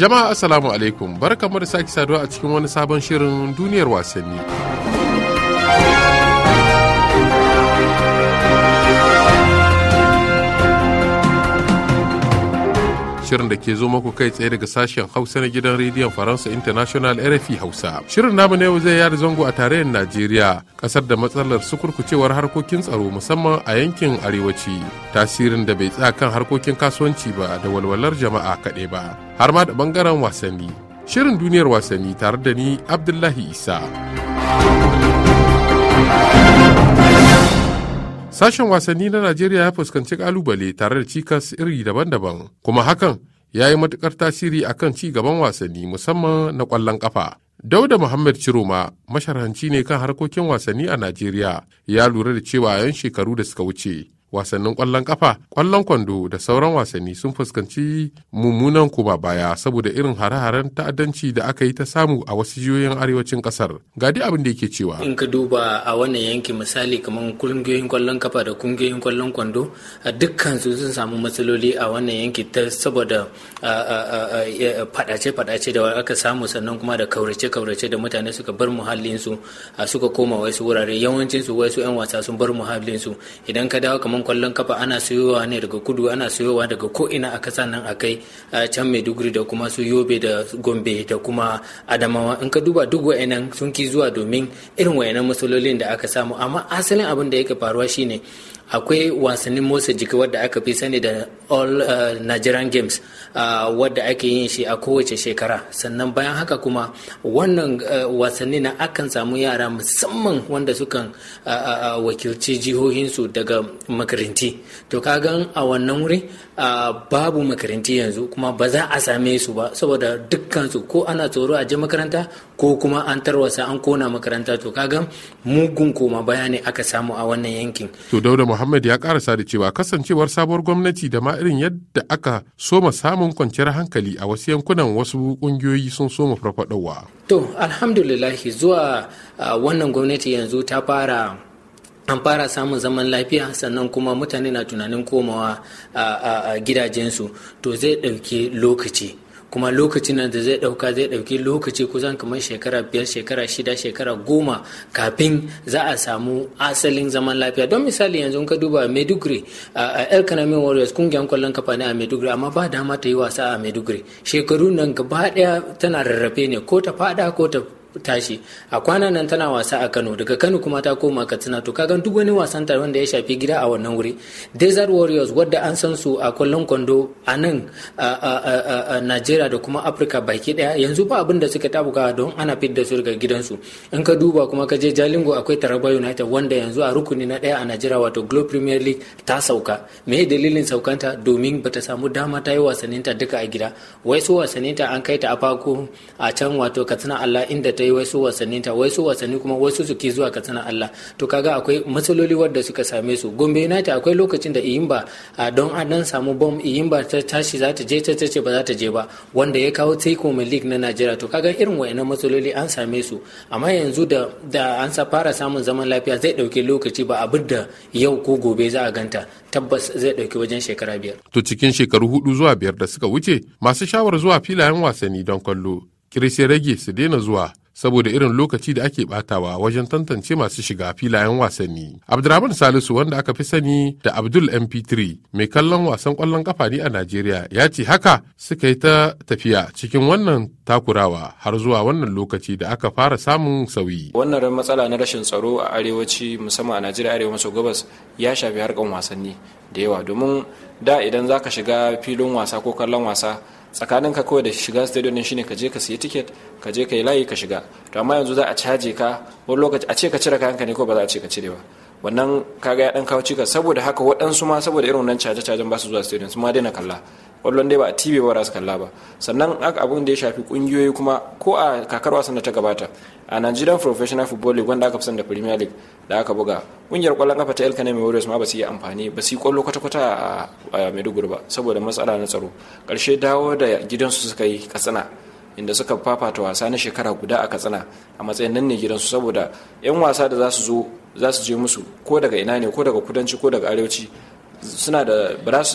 Jama'a Assalamu alaikum barkamu da sake saduwa a cikin wani sabon shirin duniyar wasanni. shirin da ke zo muku kai tsaye daga sashen Hausa na gidan rediyon Faransa International RFI Hausa. Shirin namu na zai yada zango a tarayyar Najeriya, kasar da matsalar sukurkucewar harkokin tsaro musamman a yankin arewaci, tasirin da bai tsaya kan harkokin kasuwanci ba da walwalar jama'a kaɗai ba, har ma da bangaren wasanni. Shirin duniyar wasanni tare da ni Abdullahi Isa. Sashen wasanni na Najeriya ya fuskanci kalubale tare da cikas iri daban-daban, kuma hakan ya yi matukar tasiri akan ci gaban wasanni musamman na ƙwallon ƙafa. Dauda Muhammad Ciroma masharhanci ne kan harkokin wasanni a Najeriya ya lura da cewa yan shekaru da suka wuce wasannin kwallon kafa kwallon kwando da sauran wasanni sun fuskanci mummunan kuma baya saboda irin hare-haren ta'addanci da aka yi ta samu a wasu jihohin arewacin kasar ga dai abin da yake cewa in ka duba a wannan yanki misali kamar kungiyoyin kwallon kafa da kungiyoyin kwallon kwando a dukkan su sun samu matsaloli a wannan yanki ta saboda fadace-fadace da aka samu sannan kuma da kaurace-kaurace da mutane suka bar muhallinsu suka koma wasu wurare yawancinsu wasu 'yan wasa sun bar muhallinsu idan ka dawo kamar bugun kwallon kafa ana sayowa ne daga kudu ana sayowa daga ko ina a kasa nan a kai can maiduguri da kuma su yobe da gombe da kuma adamawa in ka duba duk wa'annan sun ki zuwa domin irin wa'annan matsalolin da aka samu amma asalin abin da yake faruwa shine akwai wasannin motsa jiki wadda aka fi sani da all uh, nigerian games uh, wadda ake yin shi a kowace shekara sannan bayan haka kuma wannan uh, wasanni na akan samu yara musamman wanda sukan uh, uh, uh wakilci jihohinsu daga makarinti to kagan a wannan wuri uh, babu makarinti yanzu kuma ba za a same su ba saboda dukkansu ko ana tsoro a je makaranta ko kuma an tarwasa an kona makaranta to kagan mugun koma baya aka samu a wannan yankin to dauda muhammad ya karasa da cewa kasancewar sabuwar gwamnati da ma irin yadda aka soma samun kwanciyar hankali a wasu yankunan wasu kungiyoyi sun soma farfadowa. To, alhamdulillahi zuwa wannan gwamnati yanzu ta fara an fara samun zaman lafiya sannan kuma mutane na tunanin komawa a gidajensu to zai ɗauki lokaci kuma lokacin da zai ɗauka zai ɗauki lokaci kusan kamar shekara biyar shekara shida shekara goma kafin za a samu asalin zaman lafiya don misali yanzu ka duba maiduguri a el kanami warriors kungiyar kwallon kafa ne a maiduguri amma ba dama ta yi wasa a maiduguri shekaru nan gaba ɗaya tana rarrafe ne ko ta fada ko ta tashi a kwana nan tana wasa a kano daga kano kuma ta koma katsina to ka duk wani wasan ta wanda ya shafi gida a wannan wuri desert warriors wadda an san su a kwallon kwando a nan a nigeria da kuma afirka baki daya yanzu ba abin da suka tabuka don ana fit da su daga gidansu in ka duba kuma ka je jalingo akwai taraba united wanda yanzu a rukuni na daya a nigeria wato glo premier league ta sauka me dalilin saukanta domin bata samu dama ta yi wasanninta duka a gida wai su wasanninta an kai ta a fako a can wato katsina allah inda ta yi wasu wasannin ta wasu wasanni kuma wasu suke zuwa sana Allah to kaga akwai matsaloli wadda suka same su Gombe United akwai lokacin da Iyimba don adan samu bom Iyimba ta tashi za ta je ta tace ba za ta je ba wanda ya kawo home League na Najeriya to kaga irin wayannan matsaloli an same su amma yanzu da da an sa fara samun zaman lafiya zai dauke lokaci ba abin da yau ko gobe za a ganta tabbas zai dauki wajen shekara biyar to cikin shekaru hudu zuwa biyar da suka wuce masu shawar zuwa filayen wasanni don kallo kirishe rage su daina zuwa saboda irin lokaci da ake batawa wajen tantance masu shiga filayen wasanni. Abdurrahman Salisu wanda aka fi sani da Abdul MP3 mai kallon wasan kwallon kafa ne a Najeriya ya ce haka suka yi ta tafiya cikin wannan takurawa har zuwa wannan lokaci da aka fara samun sauyi. Wannan matsala na rashin tsaro a arewaci musamman a Najeriya arewa maso gabas ya shafi harkan wasanni da yawa domin da idan zaka shiga filin wasa ko kallon wasa tsakanin ka kawai da shiga stadium din shine ka je ka siya ticket ka je ka yi layi ka shiga to amma yanzu za a caje ka wani lokaci a ce ka cire kayanka ne ko ba za a ce ka cire ba wannan kaga ya dan kawo cika saboda haka waɗansu ma saboda irin wannan caje-cajen ba su zuwa stadium su ma daina kalla kwallon dai ba a tibe ba su kalla ba sannan abin da ya shafi kungiyoyi kuma ko a kakar wasan da ta gabata a Nigerian Professional Football League wanda aka fi da Premier League da aka buga kungiyar kwallon kafa ta Elkane Warriors ma ba su yi amfani ba su yi kwallo kwata-kwata a Maiduguri ba saboda matsala na tsaro karshe dawo da gidansu suka yi katsina inda suka fafata wasa na shekara guda a katsina a matsayin nan ne gidansu saboda 'yan wasa da za su zo za su je musu ko daga ina ne ko daga kudanci ko daga arewaci suna da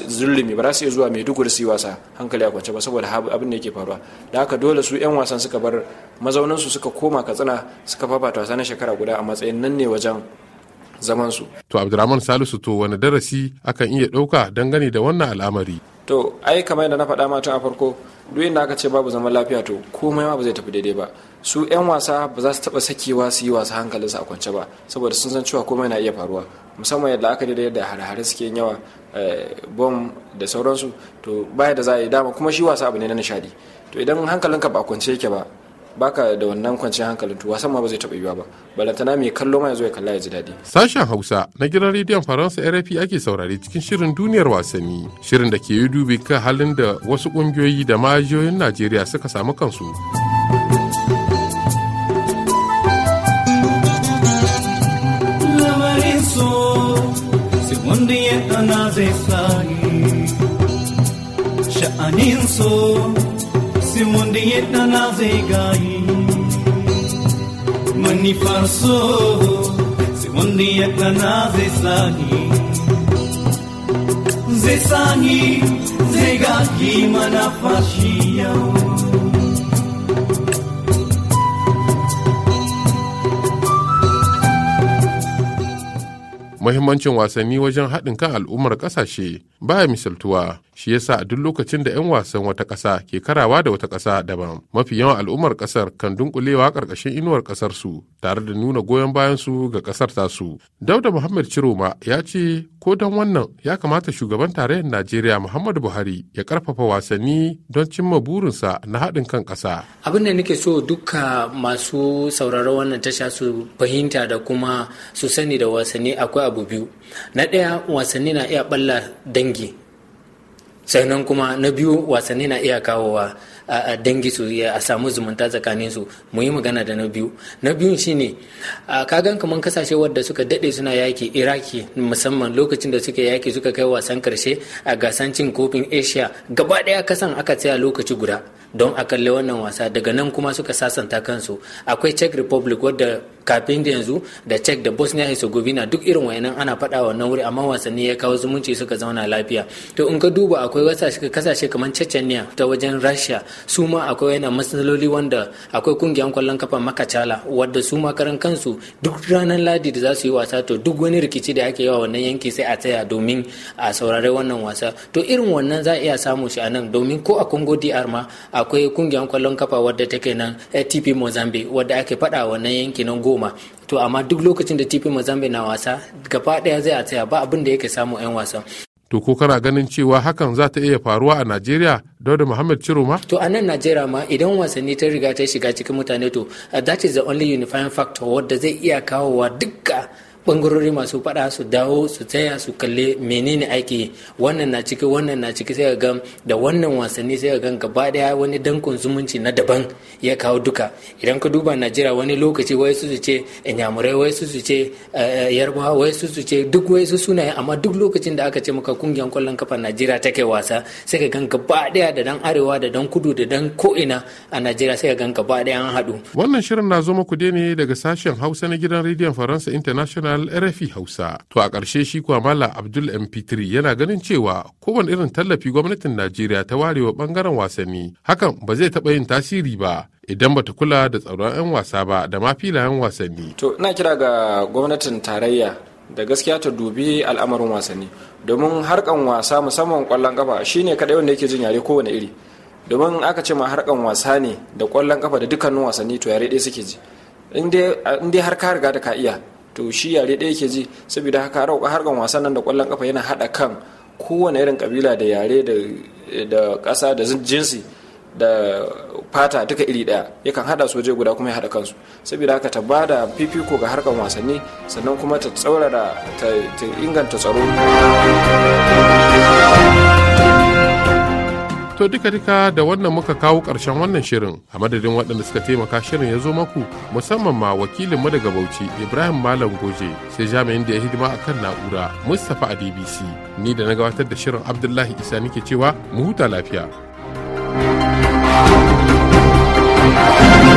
zulumi ba za su iya zuwa maiduguri su yi wasa hankali a kwance ba saboda abin da yake faruwa da haka dole su 'yan wasan suka bar mazauninsu suka koma katsina suka fafata wasa na shekara guda a matsayin nan ne wajen zamansu. To Abdurrahman Salisu to wani darasi akan iya ɗauka dangane da wannan al'amari. To ai kamar yadda na faɗa ma tun a farko duk inda aka ce babu zaman lafiya to komai ma ba zai tafi daidai ba. su 'yan wasa ba za su taba sakewa su yi wasa su a kwance ba saboda sun san cewa komai na iya faruwa musamman yadda aka da yadda hare-hare suke yawa eh, bom da sauransu to baya da za a yi dama kuma shi wasa abu ne na nishadi to idan hankalinka ba kwance yake ba baka da wannan kwanciyar hankalin to wasan ma ba zai taba yiwa ba balantana mai kallo ma ya zo ya kalla ya ji dadi sashen hausa na gidan rediyon faransa rfi ake saurare cikin shirin duniyar wasanni shirin da ke yi dubi kan halin da wasu kungiyoyi da majiyoyin najeriya suka samu kansu. nazistahi sha'aninsu siwundi yadda na zai gayi manufarsu siwundi yadda na zai sahi zai sahi zai gaki mana fashi yau muhimmancin wasanni wajen haɗin kan al'ummar ƙasashe baya misaltuwa shi yasa a duk lokacin da 'yan wasan wata ƙasa ke karawa da wata ƙasa daban mafi yawan al'ummar ƙasar kan dunkulewa ƙarƙashin inuwar ƙasar su tare da nuna goyon bayan su ga ƙasar ta su dauda muhammad ciroma ya ce ko don wannan ya kamata shugaban tarayyar najeriya muhammadu buhari ya karfafa wasanni don cimma burinsa na haɗin kan ƙasa abin da nake so duka masu sauraron wannan tasha su fahimta da kuma su sani da wasanni akwai abu biyu na ɗaya wasanni na iya ɓalla dangi dangi sannan kuma na biyu wasanni na iya kawowa a dangi su a samu zumunta tsakanin su mu yi magana da na biyu na biyun shine ka gan kaman kasashe wadda suka dade suna yaki iraki musamman lokacin da suka yaki suka kai wasan karshe a gasan cin kofin asia gaba daya kasan aka tsaya lokaci guda don a kalli wannan wasa daga nan kuma suka sasanta kansu akwai czech republic wadda kafin da yanzu da czech da bosnia herzegovina duk irin wayannan ana faɗa wannan wuri amma wasanni ya kawo zumunci suka zauna lafiya to in ka duba akwai kasashe kamar chechnya ta wajen rasha su ma akwai yana matsaloli wanda akwai kungiyan kwallon kafa makacala wadda su ma karan kansu duk ranar ladi da za su yi wasa to duk wani rikici da ake yi wa wannan yanki sai a tsaya domin a saurare wannan wasa to irin wannan za a iya samu shi a nan domin ko a congo dr ma akwai kungiyan kwallon kafa wadda take nan atp mozambique wadda ake faɗa wannan yanki nan go goma to amma duk lokacin da tifin mazambe na wasa gaba daya zai a tsaya ba abin da yake samu 'yan wasan to ko kana ganin cewa hakan za ta iya faruwa a najeriya dauda muhammad ciroma to a nan najeriya ma idan wasanni ta riga ta shiga cikin mutane to uh, that is the only unifying factor wadda zai iya kawowa dukka bangarori masu fada su dawo su tsaya su kalle menene aiki wannan na ciki wannan na ciki sai ga da wannan wasanni sai ga gaba daya wani dankon zumunci na daban ya kawo duka idan ka duba najeriya wani lokaci wai su ce inyamurai wai su su ce eh, yarbawa wai su su ce duk wai su sunaye amma duk lokacin da aka ce maka kungiyar kwallon kafa najeriya take wasa sai ga gan gaba daya da dan arewa da dan kudu da dan ko'ina a najeriya sai ga gan gaba daya an haɗu wannan shirin na zo muku ne daga sashen hausa na gidan rediyon faransa international international rfi hausa to a ƙarshe shi kuwa mala abdul mp3 yana ganin cewa kowane irin tallafi gwamnatin najeriya ta ware wa ɓangaren wasanni hakan ba zai taɓa yin tasiri ba idan bata kula da tsaron 'yan wasa ba da ma filayen wasanni to ina kira ga gwamnatin tarayya da gaskiya ta dubi al'amarin wasanni domin harkan wasa musamman kwallon kafa shine kadai wanda yake jin yare kowane iri domin aka ce ma harkan wasa ne da kwallon kafa da dukkanin wasanni to yare ɗaya suke ji in dai har ka riga da ka iya to shi yare ɗaya ke ji saboda haka harkar wasan nan da ƙwallon kafa yana haɗa kan kowane irin kabila da yare da ƙasa da jinsi da fata duka iri ɗaya yakan haɗa su guda kuma ya haɗa kansu saboda haka ta ba da fifiko ga harkar wasanni sannan kuma ta tsaurara ta inganta tsaro To duka duka da wannan muka kawo ƙarshen wannan shirin a madadin waɗanda suka taimaka shirin ya zo maku musamman ma wakilin mu daga Bauchi Ibrahim Malam Goje sai jami'in da ya hidima a kan na'ura Mustapha a DBC ni da na gabatar da shirin Abdullahi Isa nike cewa mu huta lafiya. thank you